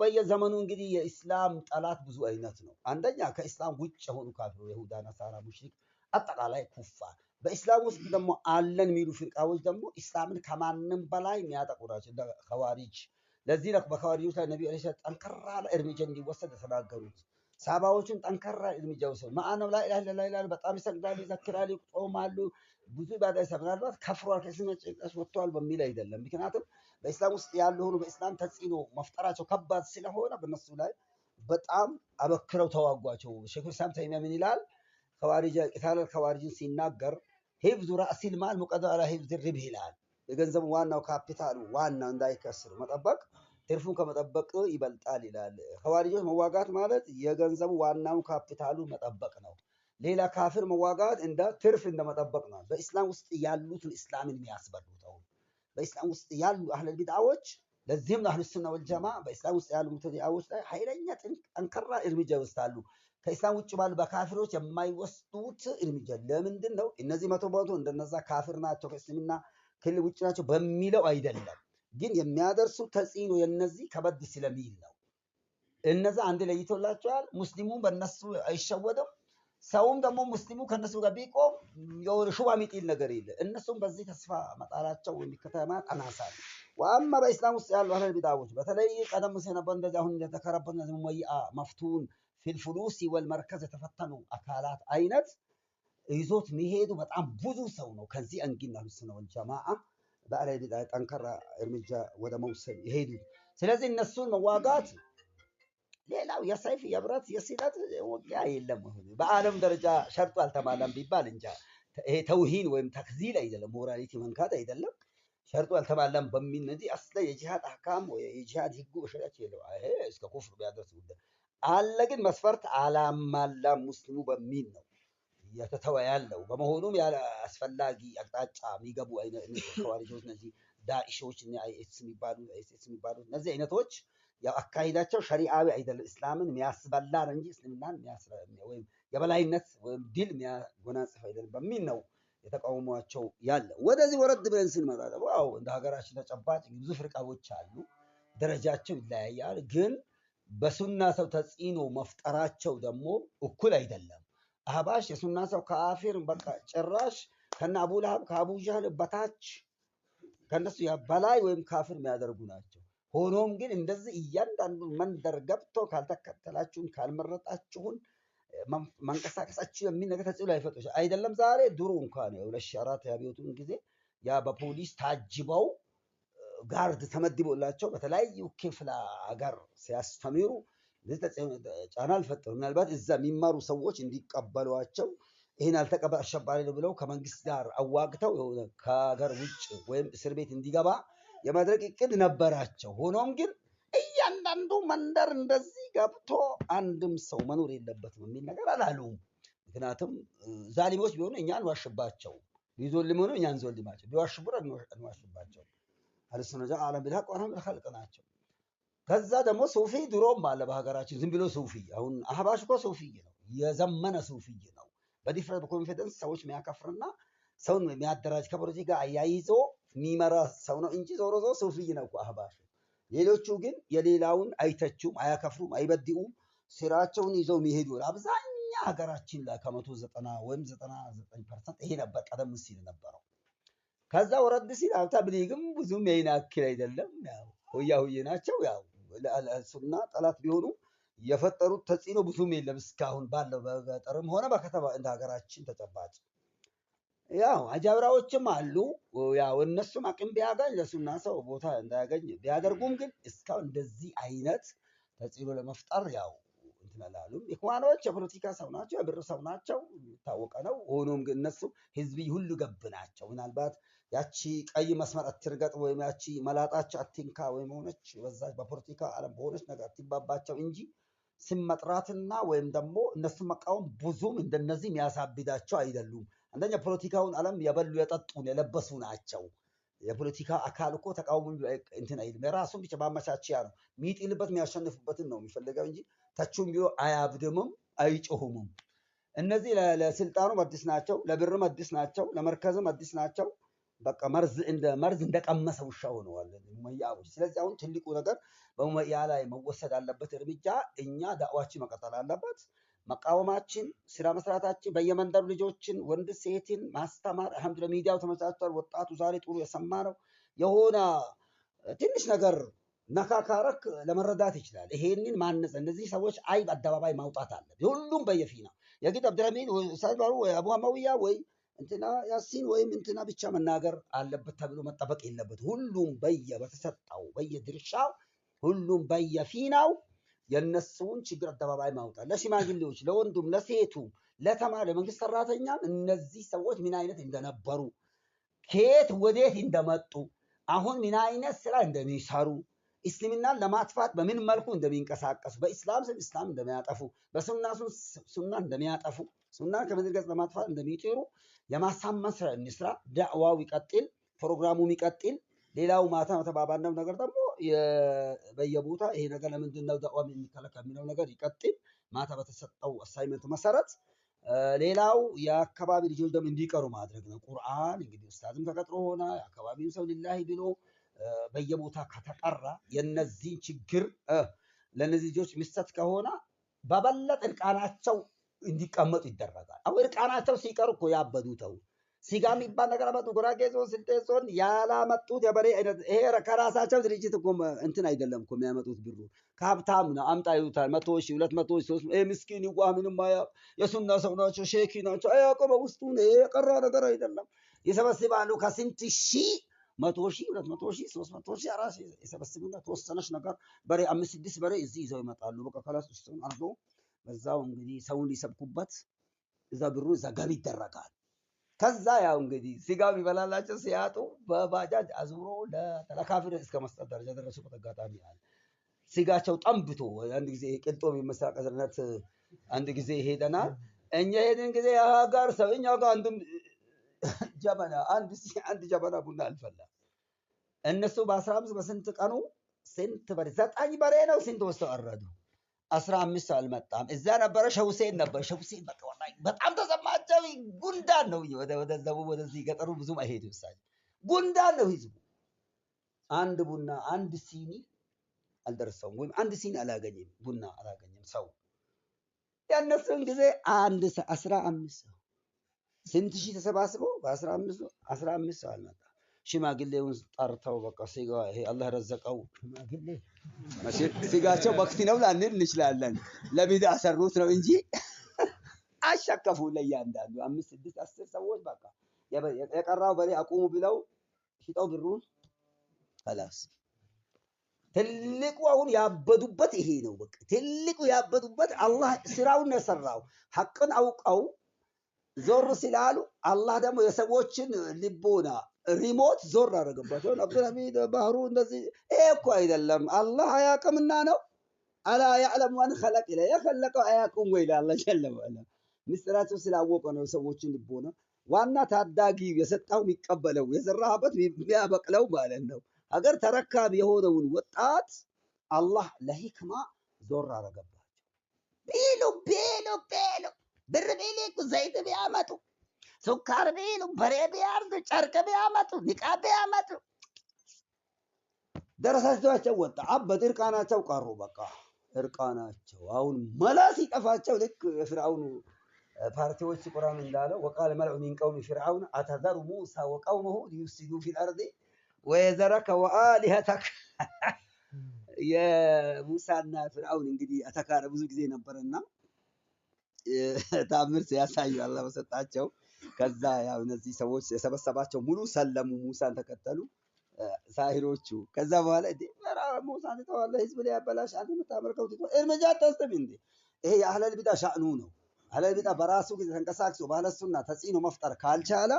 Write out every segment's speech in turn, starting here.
በየዘመኑ እንግዲህ የኢስላም ጠላት ብዙ አይነት ነው። አንደኛ ከኢስላም ውጭ የሆኑ ካፊሮች፣ የሁዳ፣ ነሳራ፣ ሙሽሪክ፣ አጠቃላይ ኩፋር። በኢስላም ውስጥ ደግሞ አለን የሚሉ ፍርቃዎች ደግሞ ኢስላምን ከማንም በላይ የሚያጠቁ ናቸው። ከዋሪጅ ለዚህ ነው በከዋሪጆች ላይ ነቢዩ ዐለይሂ ሰላም ጠንከራ እርምጃ እንዲወሰድ የተናገሩት። ሳባዎችን ጠንከራ እርምጃ ወሰዱ። ማአነው ላይ ላይ ላይ ላይ በጣም ይሰግዳሉ፣ ይዘክራሉ፣ ይጾማሉ፣ ብዙ ባዳ ይሰግዳሉ። ከፍሯል፣ ከስነ ጭንቀት ወጥቷል በሚል አይደለም። ምክንያቱም በኢስላም ውስጥ ያሉ ሆኑ በኢስላም ተጽዕኖ መፍጠራቸው ከባድ ስለሆነ በነሱ ላይ በጣም አበክረው ተዋጓቸው። ሼኹል ኢስላም ተይሚያ ምን ይላል? ከዋሪጅ ቂታል ከዋሪጅን ሲናገር ሂፍዙ ራእሲል ማል ሙቀደም አላ ሂፍዝ ሪብህ ይላል። የገንዘቡ ዋናው ካፒታሉ ዋና እንዳይከስር መጠበቅ ትርፉን ከመጠበቅ ይበልጣል ይላል። ከዋሪጆች መዋጋት ማለት የገንዘቡ ዋናው ካፒታሉ መጠበቅ ነው። ሌላ ካፍር መዋጋት እንደ ትርፍ እንደመጠበቅ ነው። በኢስላም ውስጥ ያሉትን ኢስላምን የሚያስበሉት አሁን በኢስላም ውስጥ ያሉ አህለል ቢድዓዎች ለዚህም ነው አህሉ ሱና ወልጀማ በኢስላም ውስጥ ያሉ ሙተቢዓዎች ላይ ኃይለኛ ጠንካራ እርምጃ ይወስዳሉ። ከኢስላም ውጭ ባሉ በካፊሮች የማይወስዱት እርምጃ ለምንድን ነው? እነዚህ መቶ በመቶ እንደነዛ ካፊር ናቸው ከእስልምና ክልል ውጭ ናቸው በሚለው አይደለም፣ ግን የሚያደርሱ ተጽዕኖ የነዚህ ከበድ ስለሚል ነው። እነዛ አንድ ለይቶላቸዋል። ሙስሊሙ በነሱ አይሸወደም። ሰውም ደግሞ ሙስሊሙ ከነሱ ጋር ቢቆም የሆነ ሹባ ሚጢል ነገር የለ። እነሱም በዚህ ተስፋ መጣላቸው የሚከተማ ቀናሳ ነው። ወአማ በኢስላም ውስጥ ያሉ አህለል ቢዳዎች በተለይ ቀደም ሲል ነበር እንደዚህ አሁን እንደተከረበት ነዚህ ሙወይአ መፍቱን ፊልፍሉሲ ወልመርከዝ የተፈተኑ አካላት አይነት ይዞት የሚሄዱ በጣም ብዙ ሰው ነው። ከዚህ አንጊና ሱና ወልጀማዓ በአህለል ቢዳ ጠንከራ እርምጃ ወደ መውሰድ ይሄዱ። ስለዚህ እነሱን መዋጋት ሌላው የሰይፍ የብረት የሲለት ውጊያ የለም። በዓለም ደረጃ ሸርጦ አልተሟላም ቢባል እንጃ። ይሄ ተውሂን ወይም ተክዚል አይደለም፣ ሞራሊቲ መንካት አይደለም። ሸርጦ አልተሟላም በሚል እንጂ አስለ የጂሃድ አካም ወይ የጂሃድ ህጉ በሸሪያችን የለው። እስከ ኩፍር ቢያደርስ ጉዳይ አለ። ግን መስፈርት አላሟላም ሙስሊሙ በሚል ነው የተተወ ያለው። በመሆኑም ያለ አስፈላጊ አቅጣጫ የሚገቡ ከዋሪጆች እነዚህ ዳኢሾች፣ አይኤስ የሚባሉ እነዚህ አይነቶች ያው አካሄዳቸው ሸሪአዊ አይደለም። እስላምን የሚያስበላ ነው እንጂ እስልምናን ወይም የበላይነት ወይም ድል የሚያጎናጽፍ አይደለም በሚል ነው የተቃውሟቸው ያለ። ወደዚህ ወረድ ብለን ስንመጣ ደግሞ ያው እንደ ሀገራችን ተጨባጭ ብዙ ፍርቃቦች አሉ። ደረጃቸው ይለያያል። ግን በሱና ሰው ተጽዕኖ መፍጠራቸው ደግሞ እኩል አይደለም። አህባሽ የሱና ሰው ከአፊር በቃ ጭራሽ ከነ አቡ ለሀብ ከአቡ በታች ከነሱ በላይ ወይም ካፍር የሚያደርጉ ናቸው። ሆኖም ግን እንደዚህ እያንዳንዱ መንደር ገብቶ ካልተከተላችሁን ካልመረጣችሁን መንቀሳቀሳችሁ የሚል ነገር ተጽዕኖ ላይፈጥሩ አይደለም። ዛሬ ድሮ እንኳን የሁለት ሺህ አራት የአብዮቱን ጊዜ ያ በፖሊስ ታጅበው ጋርድ ተመድቦላቸው በተለያዩ ክፍለ ሀገር ሲያስተምሩ ጫና አልፈጠሩ። ምናልባት እዛ የሚማሩ ሰዎች እንዲቀበሏቸው ይህን አልተቀበል አሸባሪ ነው ብለው ከመንግስት ጋር አዋግተው ከሀገር ውጭ ወይም እስር ቤት እንዲገባ የማድረግ እቅድ ነበራቸው። ሆኖም ግን እያንዳንዱ መንደር እንደዚህ ገብቶ አንድም ሰው መኖር የለበትም የሚል ነገር አላሉም። ምክንያቱም ዛሊሞች ቢሆኑ እኛ አንዋሽባቸው፣ ሊዞልም ሆነ እኛ አንዞልማቸው፣ ቢዋሽቡር እንዋሽባቸው። አልሱነጃ አለም ቢልሀቅ ወአንሁም ቢልኸልቅ ናቸው። ከዛ ደግሞ ሱፊ ድሮም አለ በሀገራችን ዝም ብሎ ሱፊ። አሁን አህባሽ እኮ ሱፊይ ነው፣ የዘመነ ሱፊይ ነው። በዲፍረንት በኮንፊደንስ ሰዎች የሚያከፍርና ሰውን የሚያደራጅ ከፖለቲካ አያይዞ የሚመራ ሰው ነው እንጂ ዞሮ ዞሮ ሱፍይ ነው እኮ አህባሹ። ሌሎቹ ግን የሌላውን አይተቹም፣ አያከፍሩም፣ አይበድኡም ስራቸውን ይዘው የሚሄዱ አብዛኛ ሀገራችን ላይ ከመቶ ዘጠና ወይም ዘጠና ዘጠኝ ፐርሰንት ይሄ ነበር ቀደም ሲል ነበረው። ከዛ ወረድ ሲል አብታ ብሊግም ብዙም ይሄን አክል አይደለም። ያው ሁያ ሁዬ ናቸው። ያው ሱና ጠላት ቢሆኑ የፈጠሩት ተጽዕኖ ብዙም የለም እስካሁን ባለው በገጠርም ሆነ በከተማ እንደ ሀገራችን ተጨባጭ ያው አጃብራዎችም አሉ። ያው እነሱም አቅም ቢያገኝ ለሱና ሰው ቦታ እንዳያገኝ ቢያደርጉም ግን እስካሁን እንደዚህ አይነት ተጽዕኖ ለመፍጠር ያው እንትላሉ። ኢኽዋኖች የፖለቲካ ሰው ናቸው፣ የብር ሰው ናቸው፣ የታወቀ ነው። ሆኖም ግን እነሱ ህዝብ ሁሉ ገብ ናቸው። ምናልባት ያቺ ቀይ መስመር አትርገጥ ወይም ያቺ መላጣቸው አትንካ ወይም ሆነች በዛ በፖለቲካ ዓለም በሆነች ነገር አትግባባቸው እንጂ ስም መጥራትና ወይም ደግሞ እነሱ መቃወም ብዙም እንደነዚህ የሚያሳብዳቸው አይደሉም። አንደኛ ፖለቲካውን ዓለም የበሉ የጠጡን የለበሱ ናቸው። የፖለቲካ አካል እኮ ተቃውሞ እንትን አይልም። የራሱን ብቻ ማመቻቸያ ነው የሚጥልበት የሚያሸንፍበትን ነው የሚፈልገው እንጂ ተቹም ቢሎ አያብድምም፣ አይጮሁምም። እነዚህ ለስልጣኑም አዲስ ናቸው፣ ለብርም አዲስ ናቸው፣ ለመርከዝም አዲስ ናቸው። በቃ መርዝ እንደቀመሰ ውሻ ሆነዋል ሙመያዎች። ስለዚህ አሁን ትልቁ ነገር በሙመያ ላይ መወሰድ አለበት እርምጃ። እኛ ዳዕዋችን መቀጠል አለበት። መቃወማችን፣ ስራ መስራታችን፣ በየመንደሩ ልጆችን ወንድ ሴትን ማስተማር አልሐምዱሊላህ ሚዲያው ተመቻችቷል። ወጣቱ ዛሬ ጥሩ የሰማ ነው። የሆነ ትንሽ ነገር ነካካረክ ለመረዳት ይችላል። ይሄንን ማነጽ እነዚህ ሰዎች አይብ አደባባይ ማውጣት አለ። ሁሉም በየፊና የግድ አብድረሚን ሳይባሩ አቡ ሀማውያ ወይ እንትና ያሲን ወይም እንትና ብቻ መናገር አለበት ተብሎ መጠበቅ የለበት። ሁሉም በየ በተሰጠው በየድርሻው ሁሉም በየፊናው የነሱን ችግር አደባባይ ማውጣት ለሽማግሌዎች፣ ለወንዱም፣ ለሴቱ፣ ለተማሪ፣ ለመንግስት ሰራተኛም እነዚህ ሰዎች ምን አይነት እንደነበሩ ከየት ወዴት እንደመጡ አሁን ምን አይነት ስራ እንደሚሰሩ እስልምናን ለማጥፋት በምን መልኩ እንደሚንቀሳቀሱ በኢስላም ስም ኢስላም እንደሚያጠፉ በሱና ሱና እንደሚያጠፉ ሱናን ከምድር ገጽ ለማጥፋት እንደሚጥሩ የማሳመን ስራ እንስራ። ዳዕዋው ይቀጥል፣ ፕሮግራሙም ይቀጥል። ሌላው ማታ ተባባነው ነገር ደግሞ በየቦታ ይሄ ነገር ለምንድን ነው ተቋም የሚከለከ የሚለው ነገር ይቀጥል። ማታ በተሰጠው አሳይመንት መሰረት ሌላው የአካባቢ ልጆች ደግሞ እንዲቀሩ ማድረግ ነው። ቁርአን እንግዲህ ኡስታዝም ተቀጥሮ ሆነ የአካባቢው ሰው ሊላሂ ብሎ በየቦታ ከተቀራ የነዚህን ችግር ለእነዚህ ልጆች ምሰት ከሆነ በበለጠ እርቃናቸው እንዲቀመጡ ይደረጋል። አሁን እርቃናቸው ሲቀር እኮ ያበዱተው ሲጋ የሚባል ነገር አመጡ። ጉራጌ ዞን፣ ስልጤ ዞን ያላመጡት የበሬ አይነት ይሄ ከራሳቸው ድርጅት እኮ እንትን አይደለም እኮ የሚያመጡት ብሩ ከሀብታም ነው አምጣ ይሉታል። መቶ ሺ ሁለት መቶ ሺ ሶስት ምስኪን ይዋ ምንም አያ የሱና ሰው ናቸው፣ ሼኪ ናቸው። ውስጡ በውስጡ የቀራ ነገር አይደለም። ይሰበስባሉ ከስንት ሺ መቶ ሺ ሁለት መቶ ሺ ሶስት መቶ ሺ አራት የሰበስቡና ተወሰነች ነገር በሬ አምስት ስድስት በሬ እዚህ ይዘው ይመጣሉ። በቃ ከላስ ውስጥ አርዶ በዛው እንግዲህ ሰውን ሊሰብኩበት እዛ ብሩ እዛ ገቢ ይደረጋል። ከዛ ያው እንግዲህ ስጋ የሚበላላቸው ሲያጡ በባጃጅ አዙሮ ለካፊር እስከ መስጠት ደረጃ ደረሱበት አጋጣሚ አለ። ስጋቸው ጠንብቶ አንድ ጊዜ ቅልጦ የሚመሳቀስነት አንድ ጊዜ ሄደናል። እኛ ሄድን ጊዜ ጋር ሰው እኛ ጋር አንድም ጀበና አንድ ጀበና ቡና አልፈላም። እነሱ በአስራ አምስት በስንት ቀኑ ስንት በሬ ዘጠኝ በሬ ነው ስንት ወስደው አረዱ። አስራ አምስት ሰው አልመጣም። እዛ ነበረ ሸውሴን ነበር ሸውሴን በቃ በጣም ጉንዳን ነው። ወደዛቡ ወደዚህ ገጠሩ ብዙም አይሄድም። እሳቸው ጉንዳን ነው ህዝቡ። አንድ ቡና አንድ ሲኒ አልደረሰውም፣ ወይም አንድ ሲኒ አላገኘም፣ ቡና አላገኘም። ሰው ያነሱን ጊዜ አንድ አስራ አምስት ሰው ስንት ሺህ ተሰባስበው በአስራ አምስት አስራ አምስት ሰው አልመጣ። ሽማግሌውን ጠርተው በቃ ሲጋ ይሄ አላህ ረዘቀው ሽማግሌ ሲጋቸው በክቲ ነው ላንል እንችላለን። ለቢዳ ሰሩት ነው እንጂ አሸከፉ ለእያንዳንዱ አምስት ስድስት አስር ሰዎች በቃ የቀራው በሬ አቁሙ ብለው ሽጠው ብሩን ከላስ ትልቁ አሁን ያበዱበት ይሄ ነው። በቃ ትልቁ ያበዱበት አላህ ስራውን የሰራው ሐቅን አውቀው ዞር ስላሉ አላህ ደግሞ የሰዎችን ልቦና ሪሞት ዞር አደረገባቸው። አብዱልሐሚድ ባህሩ እንደዚህ ይሄ እኮ አይደለም አላህ አያቅምና ነው። አላ ያዕለም ማን ኸለቅ ይለ የፈለቀው አያቁም ወይ ላለ ጀለ ምስጢራቸው ስላወቀ ነው የሰዎችን ልቦና። ዋና ታዳጊ የሰጣው የሚቀበለው የዘራበት የሚያበቅለው ማለት ነው። ሀገር ተረካቢ የሆነውን ወጣት አላህ ለሂክማ ዞር አረገባቸው። ቢሉ ቢሉ ቢሉ ብር ቢልኩ፣ ዘይት ቢያመጡ፣ ሱካር ቢሉ፣ በሬ ቢያርዱ፣ ጨርቅ ቢያመጡ፣ ንቃብ ቢያመጡ ደረሳቸው ወጣ። አበት እርቃናቸው ቀሩ። በቃ እርቃናቸው አሁን መላስ ይጠፋቸው ልክ የፍርዓውን ፓርቲዎች ቁርአን እንዳለው ወቃለ መልዑ ሚን ቀውሚ ፊርዓውን አተዘሩ ሙሳ ወቀውመሁ ሊዩፍሲዱ ፊል አርድ ወየዘረከ ወአሊሀተክ የሙሳና ፍርዓውን እንግዲህ አተካረ ብዙ ጊዜ ነበረና ታምር ሲያሳዩ አላህ በሰጣቸው ከዛ ያው እነዚህ ሰዎች የሰበሰባቸው ሙሉ ሰለሙ፣ ሙሳን ተከተሉ ሳሂሮቹ። ከዛ በኋላ ሙሳን ተዋለ ህዝብ ላይ ያበላሽ አንተ የምታመልከው እርምጃ አታስብ እንዴ! ይሄ የአህለል ቢዳ ሻዕኑ ነው። ቢጣ በራሱ ጊዜ ተንቀሳቅሶ ባለሱና ተጽዕኖ መፍጠር ካልቻለ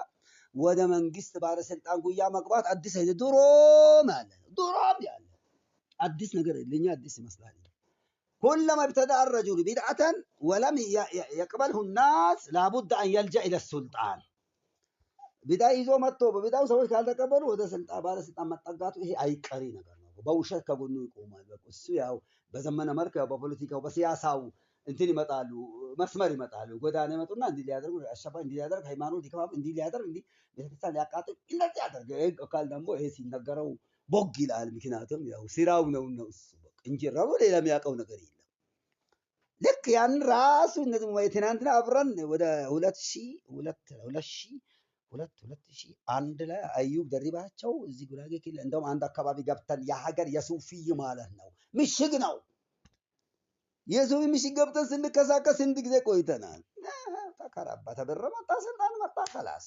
ወደ መንግስት ባለስልጣን ጉያ መግባት አዲስ አይደ ድሮም ያለ ድሮም ያለ አዲስ ነገር ለኛ አዲስ ይመስላል። ኩለማ ابتدأ الرجل بدعة ولم يقبله الناس لابد أن يلجأ إلى السلطان ቢዳ ይዞ መጥቶ በቢዳው ሰዎች ካልተቀበሉ ወደ ስልጣን ባለስልጣን መጠጋቱ ይሄ አይቀሪ ነገር ነው። በውሸት ከጎኑ ይቆማል። እሱ ያው በዘመነ መልክ ያው በፖለቲካው በሲያሳው እንትን ይመጣሉ፣ መስመር ይመጣሉ፣ ጎዳና ይመጡና እንዲህ ሊያደርጉ አሸባ እንዲህ ሊያደርግ ሃይማኖት ሊከፋፍ እንዲህ ሊያደርግ እንዲህ ቤተክርስቲያን ሊያቃጥል እንደዚህ ያደርግ ቃል ደግሞ ይሄ ሲነገረው ቦግ ይላል። ምክንያቱም ያው ስራው ነው ነው እሱ እንጂ ረቡ ሌላ የሚያውቀው ነገር የለም። ልክ ያን ራሱ እነዚህ ትናንትና አብረን ወደ ሁለት ሺ ሁለት ሁለት ሺ ሁለት ሁለት ሺ አንድ ላይ አዩብ ደሪባቸው እዚህ ጉራጌ ክልል እንደውም አንድ አካባቢ ገብተን የሀገር የሱፊይ ማለት ነው ምሽግ ነው የሱብ ምሽግ ገብተን ስንከሳከስ ስንት ጊዜ ቆይተናል። ተከራባ ተበረ መጣ፣ ስልጣን መጣ፣ ከላስ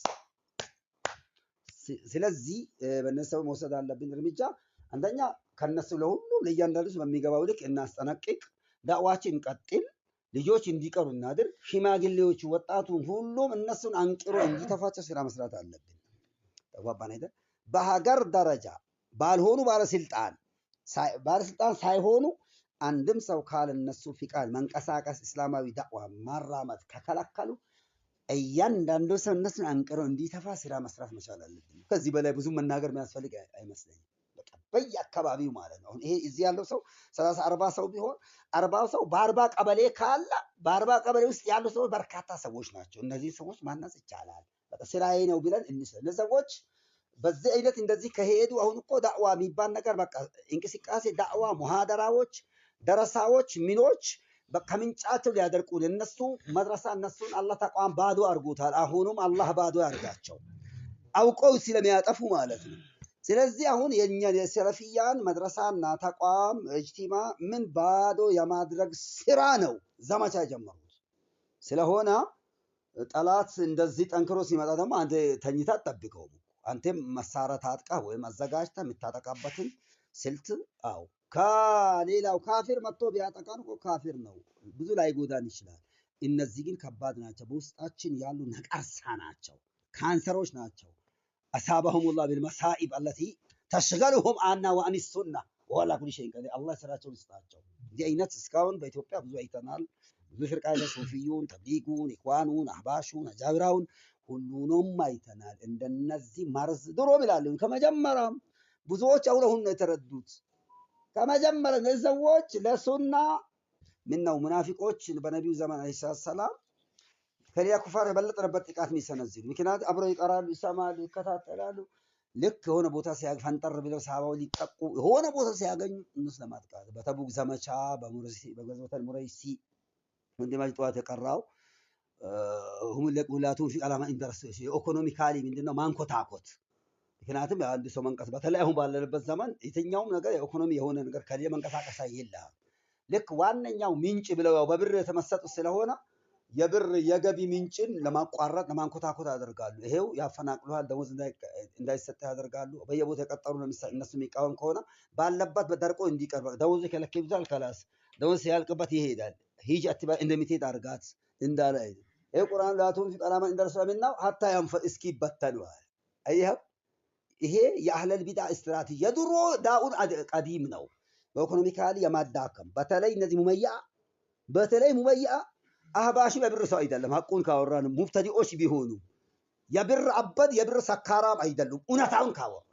ስለዚህ በነሱ መውሰድ አለብን እርምጃ። አንደኛ ከነሱ ለሁሉም ለእያንዳንዱ በሚገባው ልክ እናስጠነቅቅ፣ ዳዕዋችን ቀጥል፣ ልጆች እንዲቀሩ እናድር። ሽማግሌዎቹ፣ ወጣቱን፣ ሁሉም እነሱን አንቅሮ እንዲተፋቸው ስራ መስራት አለብን። ተጓባን አይደል? በሀገር ደረጃ ባልሆኑ ባለስልጣን ባለስልጣን ሳይሆኑ አንድም ሰው ካልነሱ ፊቃል መንቀሳቀስ እስላማዊ ዳዕዋ ማራመድ ከከለከሉ እያንዳንዱ ሰው እነሱን አንቅሮ እንዲተፋ ስራ መስራት መቻል አለብን። ከዚህ በላይ ብዙ መናገር የሚያስፈልግ አይመስለኝም። በየአካባቢው ማለት ነው። አሁን ይሄ እዚህ ያለው ሰው ሰላሳ አርባ ሰው ቢሆን አርባ ሰው በአርባ ቀበሌ ካለ በአርባ ቀበሌ ውስጥ ያሉ ሰዎች በርካታ ሰዎች ናቸው። እነዚህ ሰዎች ማናዝ ይቻላል። ስራዬ ነው ብለን እነ ሰዎች በዚህ አይነት እንደዚህ ከሄዱ አሁን እኮ ዳዕዋ የሚባል ነገር በቃ እንቅስቃሴ ዳዕዋ ሙሃደራዎች ደረሳዎች ሚኖች ከምንጫቸው ሊያደርቁን እነሱ መድረሳ እነሱን አላህ ተቋም ባዶ አድርጎታል። አሁኑም አላህ ባዶ ያርጋቸው አውቀው ስለሚያጠፉ ማለት ነው። ስለዚህ አሁን የእኛን የሰለፊያን መድረሳና ተቋም እጅቲማ ምን ባዶ የማድረግ ስራ ነው ዘመቻ የጀመሩት። ስለሆነ ጠላት እንደዚህ ጠንክሮ ሲመጣ ደግሞ አንተ ተኝታ ጠብቀው አንተም መሳሪያ ታጥቃ ወይም አዘጋጅታ የምታጠቃበትን ስልት አው ከሌላው ካፊር መጥቶ ቢያጠቃን እኮ ካፊር ነው፣ ብዙ ላይ ጎዳን ይችላል። እነዚህ ግን ከባድ ናቸው። በውስጣችን ያሉ ነቀርሳ ናቸው፣ ካንሰሮች ናቸው። አሳባሁሙላህ ቢልመሳኢብ አለቲ ተሽገሉሁም አና ወአን ሱና ወላ ኩል ሸይን ቀዲር። አላህ ስራቸውን ይስጣቸው። እንዲህ አይነት እስካሁን በኢትዮጵያ ብዙ አይተናል። ብዙ ፍርቃ ፍርቃይነ ሱፊዩን፣ ተብሊጉን፣ ኢኽዋኑን፣ አህባሹን፣ አጃብራውን ሁሉንም አይተናል። እንደነዚህ መርዝ ድሮም ይላሉ ከመጀመሪያም ብዙዎች አውለሁን ነው የተረዱት ከመጀመሪያ ሰዎች ለሱና ምን ነው ሙናፊቆች በነቢዩ ዘመን አለይሂ ሰላም ከሌላ ኩፋር የበለጠ ነበር ጥቃት የሚሰነዝሩ። ምክንያት አብረው ይቀራሉ፣ ይሰማሉ፣ ይከታተላሉ። ልክ የሆነ ቦታ ፈንጠር ብለው ሰሃባው ሊጠቁ የሆነ ቦታ ሲያገኙ እነሱ ለማጥቃት በተቡክ ዘመቻ በገዝወተል ሙረይሲ ወንድማጅ ጠዋት የቀራው ሁላቱም ፊ ዓላማ ኢንተረስ የኢኮኖሚካሊ ምንድነው ማንኮታኮት ምክንያቱም የአንድ ሰው መንቀስ በተለይ አሁን ባለንበት ዘመን የትኛውም ነገር የኢኮኖሚ የሆነ ነገር ከሌለ መንቀሳቀስ የለህም። ልክ ዋነኛው ምንጭ ብለው ያው በብር የተመሰጡ ስለሆነ የብር የገቢ ምንጭን ለማቋረጥ ለማንኮታኮት ያደርጋሉ። ይሄው ያፈናቅሉሃል፣ ደሞዝ እንዳይሰጠ ያደርጋሉ። በየቦታ የቀጠሩ እነሱ የሚቃወም ከሆነ ባለበት በደርቆ እንዲቀርበ ደሞዝ ይከለክሉታል። ከላስ ደሞዝ ሲያልቅበት ይሄዳል። ሂጅ አትባ እንደሚትሄድ አርጋት እንዳለ ይሄ ቁርአን ላቱም ፊ ቀላማ እንደርሷ ምናው ሀታ ያንፈ እስኪ ይበተሉሃል። አየኸው ይሄ የአህለል ቢዳ ስትራቴጂ የድሮ ዳውን ቀዲም ነው። በኢኮኖሚካሊ የማዳከም በተለይ እነዚህ ሙመያ በተለይ ሙመያ አህባሽ የብር ሰው አይደለም። ሀቁን ካወራን ሙብተዲዎች ቢሆኑ የብር አበድ የብር ሰካራም አይደሉም። እውነታውን ካወራ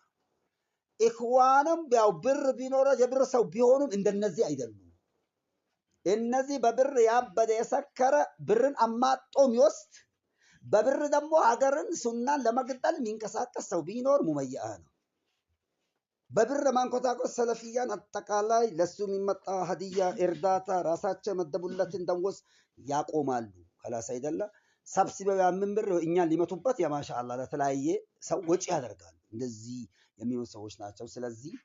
ኢኽዋንም ያው ብር ቢኖረ የብር ሰው ቢሆኑም እንደነዚህ አይደሉም። እነዚህ በብር ያበደ የሰከረ ብርን አማጦ የሚወስድ በብር ደግሞ ሀገርን ሱናን ለመግጠል የሚንቀሳቀስ ሰው ቢኖር ሙመያ ነው። በብር ማንኮታኮት ሰለፊያን አጠቃላይ ለሱ የሚመጣ ሀዲያ እርዳታ ራሳቸው የመደቡለትን ደወዝ ያቆማሉ። ከላስ አይደለ ሰብስበው ያምን ብር እኛን ሊመቱበት የማሻአላ ለተለያየ ሰው ወጪ ያደርጋሉ። እንደዚህ የሚሆን ሰዎች ናቸው። ስለዚህ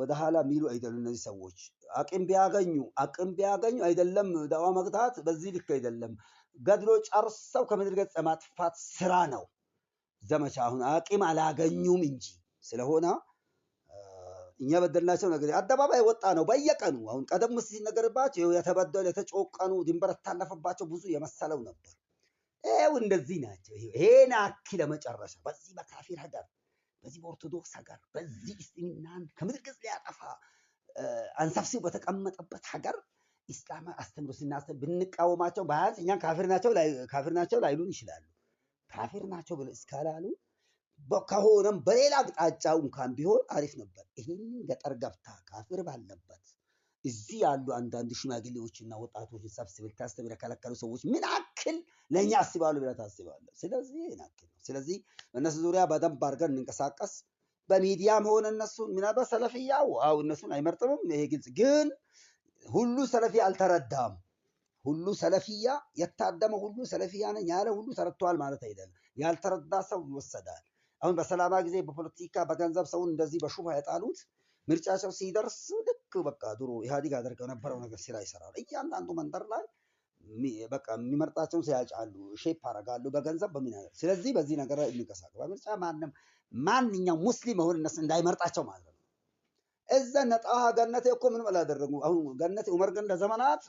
ወደ ኋላ የሚሉ አይደሉ እነዚህ ሰዎች። አቅም ቢያገኙ አቅም ቢያገኙ አይደለም ዳዋ መግታት በዚህ ልክ አይደለም። ገድሎ ጨርሰው ከምድር ገጽ ማጥፋት ስራ ነው ዘመቻ። አሁን አቂም አላገኙም እንጂ ስለሆነ እኛ በደልናቸው ነገር አደባባይ ወጣ ነው በየቀኑ አሁን ቀደም ሲነገርባቸው የተበደሉ የተጮቀኑ ድንበር ታለፈባቸው ብዙ የመሰለው ነበር። ይኸው እንደዚህ ናቸው። ይሄን አኪ ለመጨረሻ በዚህ በካፊር ሀገር፣ በዚህ በኦርቶዶክስ ሀገር፣ በዚህ እስልምናን ከምድር ገጽ ሊያጠፋ አንሳፍሲው በተቀመጠበት ሀገር ኢስላም አስተምሮ ስናስተም ብንቃወማቸው ባያንስ እኛ ካፊር ናቸው ካፊር ናቸው ላይሉን ይችላሉ። ካፊር ናቸው ብለው እስካላሉ ከሆነም በሌላ አቅጣጫ እንኳን ቢሆን አሪፍ ነበር። ይህንን ገጠር ገብታ ካፊር ባለበት እዚህ ያሉ አንዳንድ ሽማግሌዎች እና ወጣቶች ሰብስበህ ታስተምር የከለከሉ ሰዎች ምን አክል ለእኛ አስባሉ ብለ ታስባለ። ስለዚህ ይህን አክል ነው። ስለዚህ በእነሱ ዙሪያ በደንብ አድርገን እንንቀሳቀስ። በሚዲያም ሆነ እነሱን ምናልባት ሰለፍያው እነሱን አይመርጥምም። ይሄ ግልጽ ግን ሁሉ ሰለፊ አልተረዳም። ሁሉ ሰለፊያ የታደመ ሁሉ ሰለፊያ ነኝ ያለ ሁሉ ተረድቷል ማለት አይደለም። ያልተረዳ ሰው ይወሰዳል። አሁን በሰላማ ጊዜ በፖለቲካ በገንዘብ ሰውን እንደዚህ በሹፋ የጣሉት ምርጫቸው ሲደርስ ልክ በቃ ድሮ ኢህአዲግ አደርገው ነበረው ነገር ስራ ይሰራል። እያንዳንዱ መንደር ላይ በቃ የሚመርጣቸውን ሲያጫሉ ሼፕ አረጋሉ በገንዘብ በምን ስለዚህ በዚህ ነገር ላይ በምርጫ ማንም ማንኛውም ሙስሊም መሆን እነሱ እንዳይመርጣቸው ማለት ነው። እዛ ነጣ ገነቴ እኮ ምንም አላደረጉም። አሁን ገነቴ ዑመር ግን ለዘመናት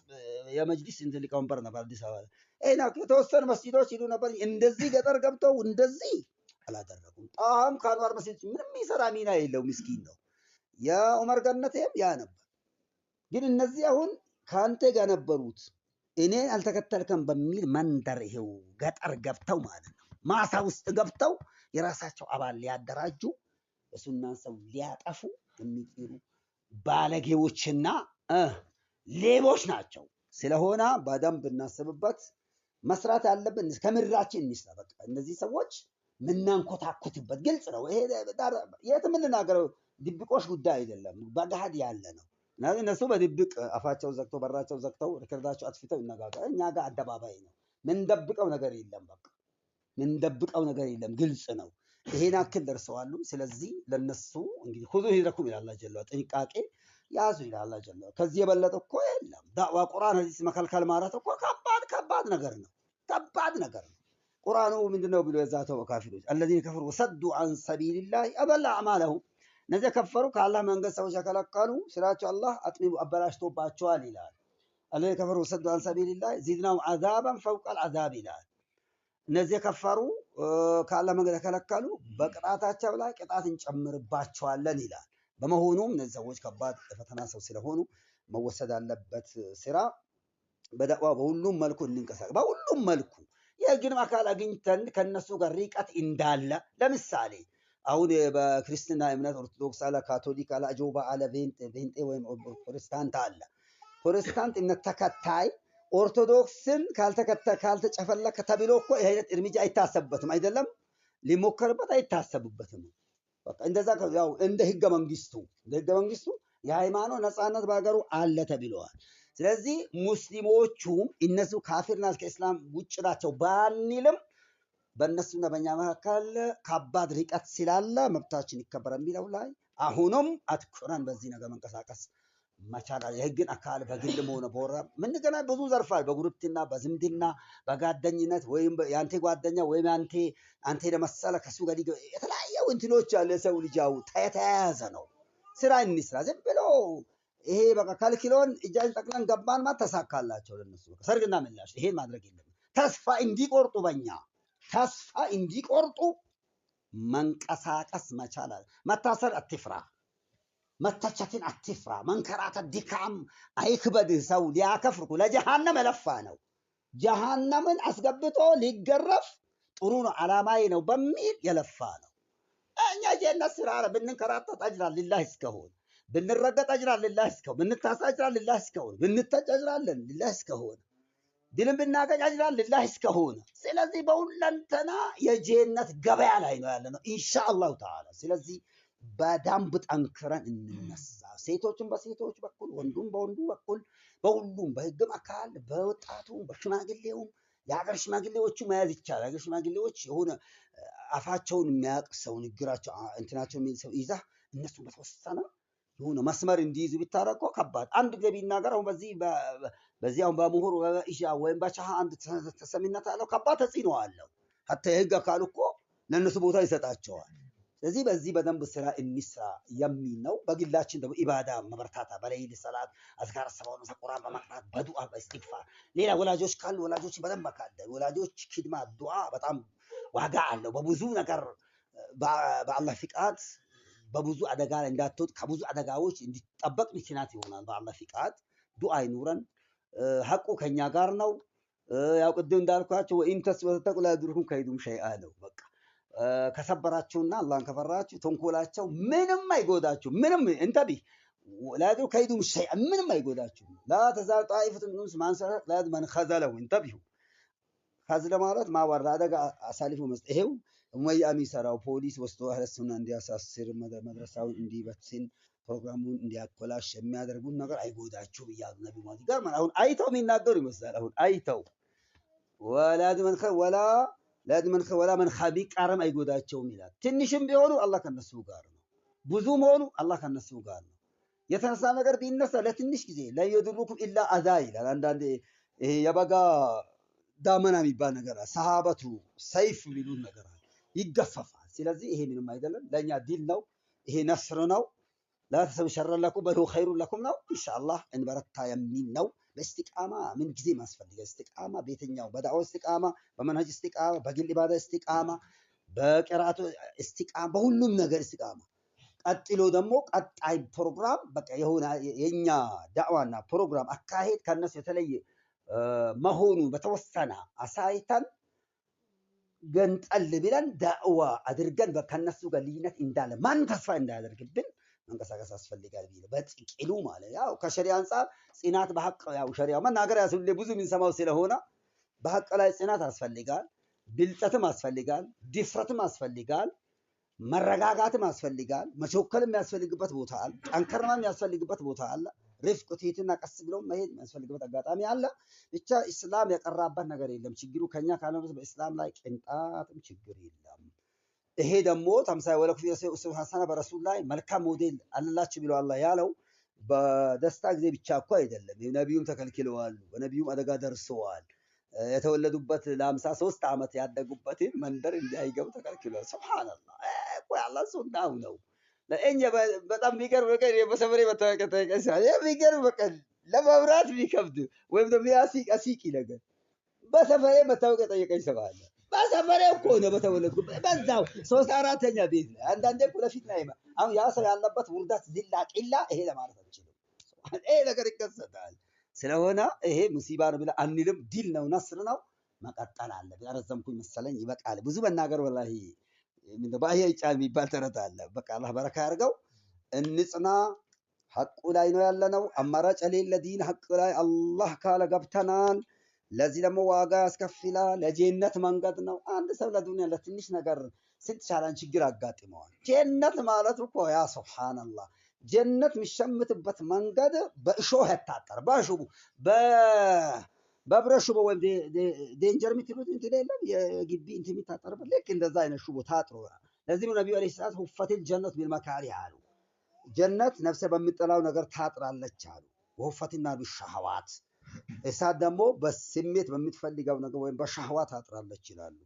የመጅሊስ እንትን ሊቀመንበር ነበር አዲስ አበባ። ይሄን የተወሰኑ መስጂዶች ሲሉ ነበር። እንደዚህ ገጠር ገብተው እንደዚህ አላደረጉም። ጣም ከአንዋር መስጂዶች ምንም ይሰራ ሚና የለው ምስኪን ነው። የዑመር ገነቴም ያ ነበር። ግን እነዚህ አሁን ከአንተ ጋር ነበሩት እኔ አልተከተልከም በሚል መንደር ይሄው ገጠር ገብተው ማለት ነው ማሳ ውስጥ ገብተው የራሳቸው አባል ሊያደራጁ የሱናን ሰው ሊያጠፉ የሚጥሩ ባለጌዎችና ሌቦች ናቸው። ስለሆነ በደንብ እናስብበት። መስራት ያለብን ከምድራችን እንስራ። በቃ እነዚህ ሰዎች ምናንኮታኩትበት ግልጽ ነው። ይሄ የት የምንናገረው ድብቆች ጉዳይ አይደለም፣ በገሃድ ያለ ነው። እነሱ በድብቅ አፋቸው ዘግተው በራቸው ዘግተው ሪከርዳቸው አጥፍተው ይነጋገር። እኛ ጋር አደባባይ ነው። ምንደብቀው ነገር የለም። በቃ ምንደብቀው ነገር የለም። ግልጽ ነው። ይሄን አክል ደርሰዋሉ። ስለዚህ ለነሱ እንግዲህ ሁዙ ሂድረኩም ይላል ጀለ ጥንቃቄ ያዙ ይላል ጀለ። ከዚህ የበለጠ እኮ የለም። ዳዕዋ ቁርአን ሐዲስ መከልከል ማለት እኮ ከባድ ከባድ ነገር ነው። ከባድ ነገር ነው። ቁርአኑ ምንድነው ብሎ የዛተው ካፊሮች አለዚነ ከፈሩ ወሰዱ አን ሰቢልላህ አበላ አማለሁ እነዚያ ከፈሩ ከአላህ መንገድ ሰዎች ያከለከሉ ስራቸው አላህ አጥሚው አበላሽቶባቸዋል ይላል። አለዚነ ከፈሩ ወሰዱ አን ሰቢልላህ ዚድናሁም ዐዛበን ፈውቀል አዛብ ይላል እነዚህ የከፈሩ ካለመከለከሉ በቅጣታቸው ላይ ቅጣት እንጨምርባቸዋለን ይላል። በመሆኑም እነዚህ ሰዎች ከባድ ፈተና ሰው ስለሆኑ መወሰድ አለበት ስራ በደዋ በሁሉም መልኩ እንንቀሳቀስ፣ በሁሉም መልኩ የህግንም አካል አግኝተን ከነሱ ጋር ርቀት እንዳለ ለምሳሌ አሁን በክርስትና እምነት ኦርቶዶክስ አለ፣ ካቶሊክ አለ፣ አጆባ አለ፣ ቬንጤ ወይም ፕሮቴስታንት አለ። ፕሮቴስታንት እምነት ተከታይ ኦርቶዶክስን ካልተጨፈለከ ተብሎ እኮ ይህ አይነት እርምጃ አይታሰብበትም። አይደለም ሊሞከርበት አይታሰብበትም። እንደዛ ያው እንደ ህገ መንግስቱ እንደ ህገ መንግስቱ የሃይማኖት ነፃነት በሀገሩ አለ ተብለዋል። ስለዚህ ሙስሊሞቹም እነሱ ካፊርና ከእስላም ውጭ ናቸው ባንልም በእነሱና በእኛ መካከል ከባድ ርቀት ስላለ መብታችን ይከበር የሚለው ላይ አሁንም አትኩረን በዚህ ነገር መንቀሳቀስ መቻላል የህግን አካል በግል መሆነ በወራ ምንገናኝ ብዙ ዘርፋል በጉርብትና በዝምድና በጓደኝነት ወይም ያንቴ ጓደኛ ወይም ያንቴ አንቴ ለመሰለ ከሱ ጋር የተለያየ እንትኖች አለ። ሰው ልጃው ተያያዘ ነው። ስራ እንስራ ዝም ብሎ ይሄ በቃ ከልክሎን እጃችን ጠቅለን ገባን ማለት ተሳካላቸው ለነሱ ሰርግና ምላሽ ይሄን ማድረግ የለም። ተስፋ እንዲቆርጡ በእኛ ተስፋ እንዲቆርጡ መንቀሳቀስ መቻላል። መታሰር አትፍራ። መተቸትን አትፍራ። መንከራተ ድካም አይክበድህ። ሰው ሊያከፍርኩ ለጀሃነም የለፋ ነው። ጀሃነምን አስገብቶ ሊገረፍ ጥሩ ነው አላማዬ ነው በሚል የለፋ ነው። እኛ ጀነት ስራ ብንንከራተት አጅራን ሊላህ እስከሆን ብንረገጥ አጅራን ሊላህ እስከሆን ብንታሳ አጅራን ሊላህ እስከሆን ብንተጭ አጅራለን ሊላህ እስከሆን ድልም ብናገኝ አጅራ ሊላህ እስከሆን። ስለዚህ በሁለንተና የጀነት ገበያ ላይ ነው ያለ ነው ኢንሻአላሁ ተዓላ ስለዚህ በደንብ ጠንክረን እንነሳ። ሴቶችን በሴቶች በኩል ወንዱም በወንዱ በኩል በሁሉም በህግም አካል በወጣቱም በሽማግሌውም የሀገር ሽማግሌዎቹ መያዝ ይቻላል። የሀገር ሽማግሌዎች የሆነ አፋቸውን የሚያውቅ ሰው ንግራቸው እንትናቸው የሚል ሰው ይዛ እነሱ በተወሰነ የሆነ መስመር እንዲይዙ ቢታረቆ ከባድ አንድ ጊዜ ቢናገር አሁን በዚህ በዚህ አሁን በምሁር በኢሻ ወይም በቻሃ አንድ ተሰሚነት አለው። ከባድ ተጽዕኖ አለው። ሀታ የህግ አካል እኮ ለእነሱ ቦታ ይሰጣቸዋል። ስለዚህ በዚህ በደንብ ስራ የሚሰራ የሚል ነው። በግላችን ደግሞ ኢባዳ መበርታታ፣ በሌሊት ሰላት፣ አዝካር፣ ሰባውን ቁርአን በማቅራት በዱዓ በእስትግፋር ሌላ ወላጆች ካሉ ወላጆች በደንብ መካደ ወላጆች ኪድማ ዱዓ በጣም ዋጋ አለው። በብዙ ነገር በአላህ ፍቃድ በብዙ አደጋ እንዳትወጥ ከብዙ አደጋዎች እንዲጠበቅ ምክንያት ይሆናል። በአላህ ፍቃድ ዱዓ ይኑረን። ሐቁ ከኛ ጋር ነው። ያው ቅድም እንዳልኳቸው ወኢን ተስበሩ ተቁላ ከይዱም ሸይአ ነው በቃ ከሰበራችሁና አላህን ከፈራችሁ ተንኮላቸው ምንም አይጎዳችሁ። ምንም እንተቢ ላዱ ከይዱ ሸይ ምንም አይጎዳችሁ። ላ ተዛል ጣኢፈቱ ሚንሁም ማንሰረት ላያድ ማን ኸዘለው እንተቢሁ። ከዝለ ማለት ማዋራ አደጋ አሳልፎ መስጠት ይሄው ሙያ የሚሰራው ፖሊስ ወስዶ አህለሱና እንዲያሳስር መድረሳውን እንዲበትን ፕሮግራሙን እንዲያኮላሽ የሚያደርጉን ነገር አይጎዳችሁ ብያሉ ነቢ ማለት ጋር አሁን አይተው የሚናገሩ ይመስላል። አሁን አይተው ወላ ላያድመን ወላ መን ኻቢ ቃረም አይጎዳቸውም ይላል። ትንሽም ቢሆኑ አላህ ከነሱ ጋር ነው፣ ብዙ ሆኑ አላህ ከነሱ ጋር ነው። የተነሳ ነገር ቢነሳ ለትንሽ ጊዜ ለየድሩኩም ኢላ አዛ ይላል። አንዳንዴ የበጋ ዳመና የሚባል ነገር ሰሃበቱ ሰይፍ የሚሉን ነገር ይገፈፋል። ስለዚህ ይሄ ምንም አይደለም፣ ለእኛ ዲል ነው፣ ይሄ ነስር ነው። ላተሰቡ ሸረን ለኩም በልሁ ኸይሩን ለኩም ነው። ኢንሻአላህ እንበረታ የሚል ነው። በእስቲቃማ ምን ጊዜ ማስፈልገ እስቲቃማ በየትኛው በዳዋ እስቲቃማ፣ በመንሀጅ እስቲቃማ፣ በግል ኢባዳ እስቲቃማ፣ በቀራቶ እስቲቃማ፣ በሁሉም ነገር እስቲቃማ። ቀጥሎ ደግሞ ቀጣይ ፕሮግራም በቃ የሆነ የኛ ዳዋና ፕሮግራም አካሄድ ከነሱ የተለየ መሆኑ በተወሰነ አሳይተን ገንጠል ብለን ዳዕዋ አድርገን ከነሱ ጋር ልዩነት እንዳለ ማን ተስፋ እንዳያደርግብን መንቀሳቀስ ያስፈልጋል ቢል በጥቂሉ ማለት ያው ከሸሪ አንጻር ጽናት በሀቅ ያው ሸሪያው መናገር ያስብል ብዙ የሚንሰማው ስለሆነ በሀቅ ላይ ጽናት አስፈልጋል፣ ብልጠትም አስፈልጋል፣ ድፍረትም አስፈልጋል፣ መረጋጋትም አስፈልጋል። መቾከል የሚያስፈልግበት ቦታ አለ፣ ጠንከርማ የሚያስፈልግበት ቦታ አለ። ሪፍቅ ትህትና፣ ቀስ ብሎ መሄድ የሚያስፈልግበት አጋጣሚ አለ። ብቻ ኢስላም የቀራበት ነገር የለም። ችግሩ ከኛ ካልሆነ በኢስላም ላይ ቅንጣትም ችግር የለም። ይሄ ደግሞ ተምሳሌ ወለኩ ሐሰና በረሱል ላይ መልካም ሞዴል አለላችሁ ቢለው አላህ ያለው በደስታ ጊዜ ብቻ እኮ አይደለም። ነቢዩም ተከልክለዋል፣ በነቢዩም አደጋ ደርሰዋል። የተወለዱበት ለአምሳ ሶስት ዓመት ያደጉበትን መንደር እንዳይገቡ ተከልክለዋል። ሱብሃነላህ እኮ ያላህ ሱናው ነው። እኛ በጣም የሚገርም በቀ በሰፈሬ መታወቂያ የሚገርም በቀ ለመብራት የሚከብድ ወይም ደግሞ ያሲቅ አሲቂ ነገር በሰፈሬ መታወቂያ ጠየቀኝ ሰባለ በሰፈሬው እኮ ነው በተወለድኩበት በዛው ሶስት አራተኛ ቤት ነው። አንዳንዴ እኮ ለፊት ነው አሁን ያ ሰው ያለበት ውርደት ዝላ ቂላ ይሄ ለማለት አንችልም። ይሄ ነገር ይከሰታል። ስለሆነ ይሄ ሙሲባ ነው ብለ አንልም። ድል ነው፣ ነስር ነው። መቀጠል አለ። ያረዘምኩኝ መሰለኝ፣ ይበቃል። ብዙ መናገር ወላሂ ምንድነው በአህያ ይጫን የሚባል ተረት አለ። በቃ አላህ በረካ ያርገው። እንጽና፣ ሐቁ ላይ ነው ያለነው። አማራጭ የሌለ ዲን ሐቁ ላይ አላህ ካለ ገብተናል። ለዚህ ደግሞ ዋጋ ያስከፍላ ለጀነት መንገድ ነው። አንድ ሰው ለዱኒያ ለትንሽ ነገር ስትቻላን ችግር አጋጥመዋል። ጀነት ማለት እኮ ያ ሱብሃነላህ፣ ጀነት የሚሸምትበት መንገድ በእሾህ ያታጠረ በሹቡ በብረት ሹቦ ወይም ዴንጀር የሚትሉት እንትን የለም የግቢ እንትን የሚታጠርበት ልክ እንደዛ አይነት ሹቦ ታጥሮ። ለዚህ ነው ነቢዩ ዓለይሂ ሰላት ሁፈቲል ጀነት ቢልመካሪ አሉ። ጀነት ነፍሰ በሚጠላው ነገር ታጥራለች አሉ። ወሁፈትና ቢሸሃዋት እሳት ደግሞ በስሜት በምትፈልገው ነገር ወይም በሻህዋ ታጥራለች ይላሉ።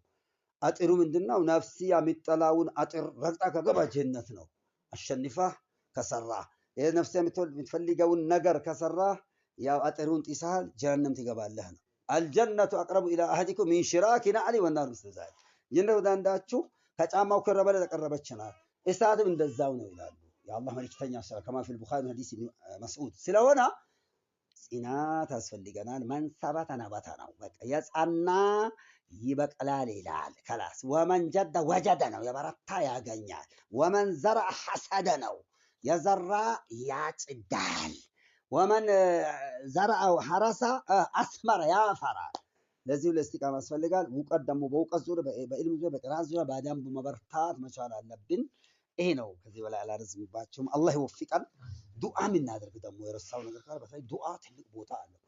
አጥሩ ምንድነው? ነፍስ የሚጠላውን አጥር ረግጣ ከገባ ጀነት ነው። አሸንፋ ከሰራ ይሄ ነፍሲ የምትፈልገውን ነገር ከሰራ ያው አጥሩን ጥሳል ጀሃነም ትገባለህ ነው። አልጀነቱ አቅረቡ ኢላ አህዲኩም ሚን ሽራኪ ነዕሊ ወናር ምስሉ ዛሊክ ጀነት ወደ አንዳችሁ ከጫማው ከረበለ ተቀረበች ናት። እሳትም እንደዛው ነው ይላሉ የአላህ መልክተኛ ሰለላሁ ዐለይሂ ከማ ፊል ቡኻሪ ሐዲስ መስዑድ ስለሆነ ጽናት ያስፈልገናል። መንሰበት አናባታ ነው። በቃ የጸና ይበቅላል ይላል። ከላስ ወመን ጀደ ወጀደ ነው። የበረታ ያገኛል። ወመን ዘራ ሐሰደ ነው። የዘራ ያጭዳል። ወመን ዘራ ሐረሳ አስመረ ያፈራል። ለዚህ ለኢስቲቃማ ያስፈልጋል። እውቀት ደግሞ በእውቀት ዙሪያ፣ በኢልም ዙሪያ፣ በቅራት ዙሪያ በደንብ መበርታት መቻል አለብን። ይሄ ነው። ከዚህ በላይ አላረዝምባችሁም። አላህ ይወፍቀን። ዱዓ የምናደርግ ደግሞ የረሳው ነገር ካለ በተለይ ዱዓ ትልቅ ቦታ አለው።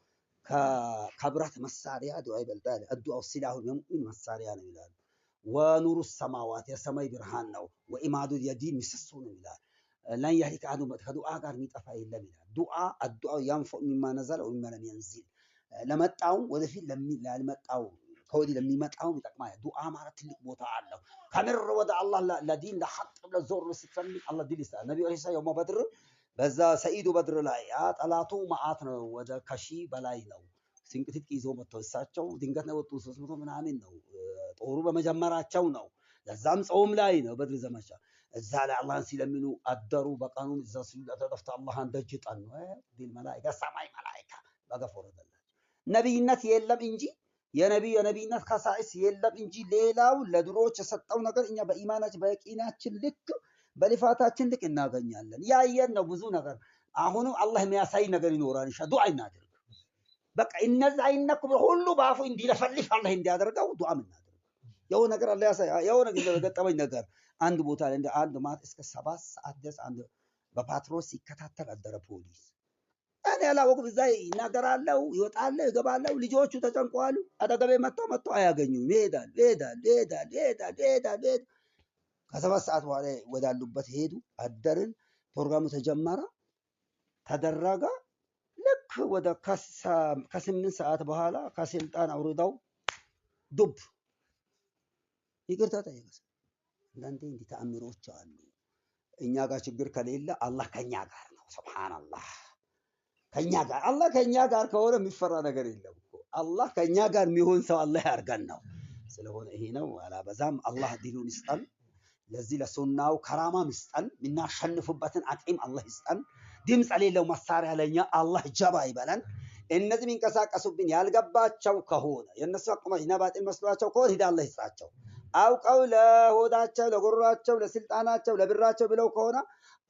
ከብረት መሳሪያ ዱዓ ይበልጣል። አዱዓው ሲላሁ የሙእሚን መሳሪያ ነው ይላል። ወኑሩ ሰማዋት የሰማይ ብርሃን ነው። ወኢማዱ የዲን ምሰሶ ነው ይላል። ለን የህሊክ አሐዱ ከዱዓ ጋር የሚጠፋ የለም ይላል። ዱዓ አዱዓው ያንፈዑ ሚማ ነዘለ ወሚማ ለም የንዚል ለመጣውም ወደፊት ላልመጣው ከወዲህ ለሚመጣውም ይጠቅማል። ዱዓ ማለት ትልቅ ቦታ አለው። ከምር ወደ አላህ ለዲን ለሐቅ ብለህ ዞር ስትሰሚ አላህ ድል ይሰጣል። ነቢዩ ሳ የውመ በድር በዛ ሰኢዱ በድር ላይ ያ ጠላቱ መዓት ነው። ወደ ከሺ በላይ ነው። ሲንቅቲት ይዞ መጥቶ እሳቸው ድንገት ነው ወጡ። ሶስት መቶ ምናምን ነው ጦሩ በመጀመራቸው ነው። ለዛም ጾም ላይ ነው በድር ዘመቻ እዛ ላይ አላህን ሲለምኑ አደሩ። በቀኑም እዛ ሲሉ ተደፍተ አላህን ደጅ ጠኑ። ዲል መላኢካ ሰማይ መላኢካ በገፍ ወረደላቸው። ነቢይነት የለም እንጂ የነቢይ የነቢይነት ከሳይስ የለም እንጂ ሌላው ለድሮች የሰጠው ነገር እኛ በኢማናችን በቂናችን ልክ በልፋታችን ልቅ እናገኛለን። ያየን ነው ብዙ ነገር። አሁንም አላህ የሚያሳይ ነገር ይኖራል። ሻ ዱዓ እናደርግ። በቃ እነዛ አይነኩ ሁሉ በአፉ እንዲለፈልፍ አላህ እንዲያደርገው ዱዓ እናደርግ። የሆነ ነገር አላህ ያሳይ። የሆነ ገጠመኝ ነገር አንድ ቦታ ላይ አንድ ማት እስከ ሰባት ሰዓት ድረስ አንድ በፓትሮል ሲከታተል አደረ ፖሊስ። እኔ አላወቅም። እዛ ይናገራለሁ፣ ይወጣለሁ፣ ይገባለሁ። ልጆቹ ተጨንቀዋሉ። አጠገቤ መጥቶ መጥቶ አያገኙም። ይሄዳል፣ ይሄዳል፣ ይሄዳል፣ ይሄዳል፣ ይሄዳል ከሰባት ሰዓት በኋላ ወዳሉበት ሄዱ። አደርን። ፕሮግራሙ ተጀመረ፣ ተደረገ። ልክ ወደ ከስምንት ሰዓት በኋላ ከስልጣን አውርደው ዱብ ይቅርታ ጠየቀ። አንዳንዴ እንዲህ ተአምሮች አሉ። እኛ ጋር ችግር ከሌለ አላህ ከኛ ጋር ነው። ሱብሃነላህ ከኛ ጋር አላህ ከኛ ጋር ከሆነ የሚፈራ ነገር የለም አላህ ከኛ ጋር የሚሆን ሰው አላህ ያርገን ነው። ስለሆነ ይሄ ነው አላበዛም። አላህ ዲኑን ይስጠን። ለዚህ ለሱናው ከራማ ምስጠን የምናሸንፉበትን አቅም አላህ ይስጠን። ድምፅ ሌለው መሳሪያ ለኛ አላህ ጀባ ይበለን። እነዚህ የሚንቀሳቀሱብን ያልገባቸው ከሆነ የእነሱ አቁማጅና ባጢል መስሏቸው ከሆነ ሂዳ አላህ ይስጣቸው። አውቀው ለሆዳቸው፣ ለጉሯቸው፣ ለስልጣናቸው፣ ለብራቸው ብለው ከሆነ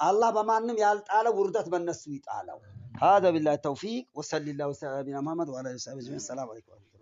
አላህ በማንም ያልጣለው ውርደት በእነሱ ይጣለው። هذا بالله التوفيق وصلى الله وسلم على محمد وعلى اله وصحبه اجمعين السلام عليكم